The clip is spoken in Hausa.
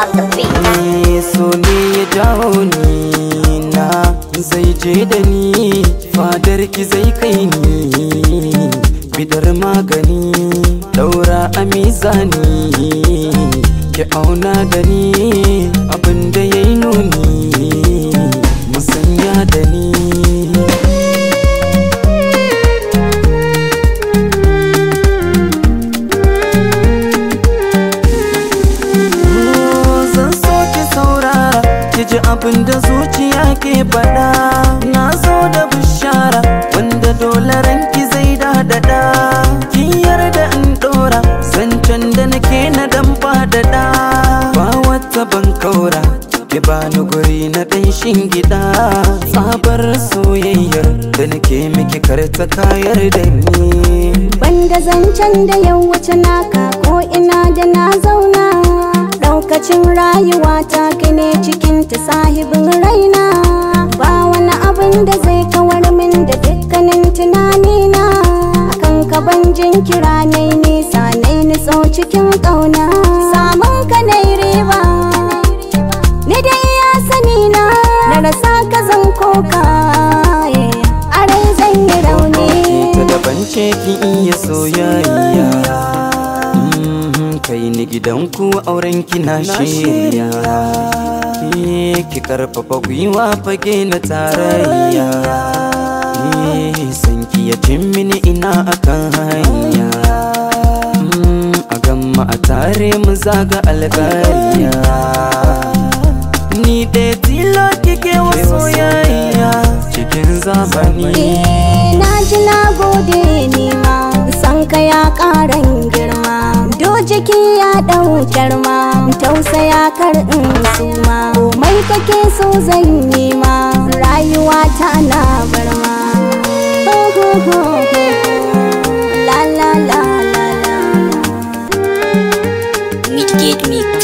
of the beat so ne ya jawo ni na zai je da ni fadar ki zai kai ni bidar magani daura a mizani ki auna da ni abin da ya yi abin zuciya ke faɗa na zo da bishara wanda dole ranki zai dadada kin yarda in ɗora zancen da nake na dan da ba wata ban kaura ki bani guri na ɗan gida. sabar soyayyar da nake miki karta kayar da ni banda zancen da yau wuce naka ko ina da na zauna lokacin rayuwa ta kine cikin ta sahibin raina ba wani abin da zai kawar min da dukkanin tunanina akan ka ban jinkira ne nisa ne nitso cikin ƙauna samun ka ne riba ni dai ya sani na na rasa ka zan koka a zan yi rauni ta daban ce ki iya soyayya kai ni gidanku auren kina shirya ki karfafa gwiwa fage na tarayya sanki ya cin mini ina akan hanya mm, a gamma a tare mu zaga alkariya ni ɗaya tilo kike wasu yayya cikin zamani na ji na gode ni ma san ka ya ƙaran jiki ya ɗaukar ma tausaya kar su suma komai kake so zan yi ma rayuwa ta na bar ma la la la la la Mix